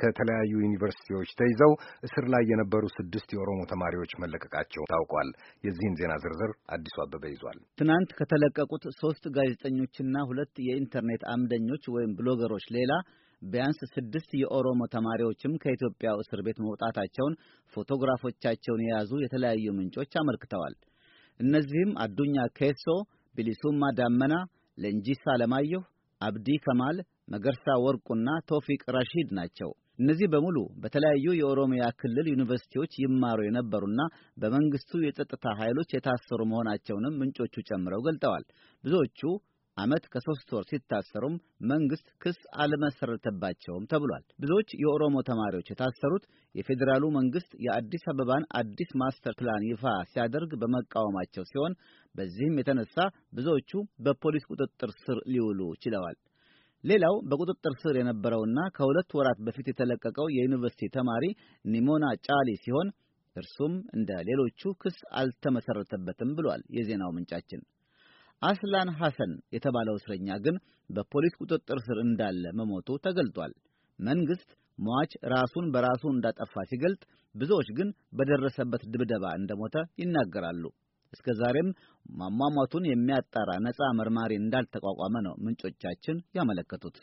ከተለያዩ ዩኒቨርሲቲዎች ተይዘው እስር ላይ የነበሩ ስድስት የኦሮሞ ተማሪዎች መለቀቃቸው ታውቋል። የዚህን ዜና ዝርዝር አዲሱ አበበ ይዟል። ትናንት ከተለቀቁት ሶስት ጋዜጠኞችና ሁለት የኢንተርኔት አምደኞች ወይም ብሎገሮች ሌላ ቢያንስ ስድስት የኦሮሞ ተማሪዎችም ከኢትዮጵያ እስር ቤት መውጣታቸውን ፎቶግራፎቻቸውን የያዙ የተለያዩ ምንጮች አመልክተዋል። እነዚህም አዱኛ ኬሶ፣ ቢሊሱማ ዳመና፣ ለንጂሳ አለማየሁ፣ አብዲ ከማል፣ መገርሳ ወርቁና ቶፊቅ ራሺድ ናቸው። እነዚህ በሙሉ በተለያዩ የኦሮሚያ ክልል ዩኒቨርሲቲዎች ይማሩ የነበሩና በመንግስቱ የጸጥታ ኃይሎች የታሰሩ መሆናቸውንም ምንጮቹ ጨምረው ገልጠዋል። ብዙዎቹ ዓመት ከሶስት ወር ሲታሰሩም መንግስት ክስ አልመሰረተባቸውም ተብሏል። ብዙዎች የኦሮሞ ተማሪዎች የታሰሩት የፌዴራሉ መንግሥት የአዲስ አበባን አዲስ ማስተር ፕላን ይፋ ሲያደርግ በመቃወማቸው ሲሆን በዚህም የተነሳ ብዙዎቹ በፖሊስ ቁጥጥር ስር ሊውሉ ችለዋል። ሌላው በቁጥጥር ስር የነበረውና ከሁለት ወራት በፊት የተለቀቀው የዩኒቨርሲቲ ተማሪ ኒሞና ጫሊ ሲሆን እርሱም እንደ ሌሎቹ ክስ አልተመሰረተበትም ብሏል የዜናው ምንጫችን። አስላን ሐሰን የተባለው እስረኛ ግን በፖሊስ ቁጥጥር ስር እንዳለ መሞቱ ተገልጧል። መንግሥት ሟች ራሱን በራሱ እንዳጠፋ ሲገልጥ፣ ብዙዎች ግን በደረሰበት ድብደባ እንደሞተ ይናገራሉ። እስከ ዛሬም ማሟሟቱን የሚያጣራ ነፃ መርማሪ እንዳልተቋቋመ ነው ምንጮቻችን ያመለከቱት።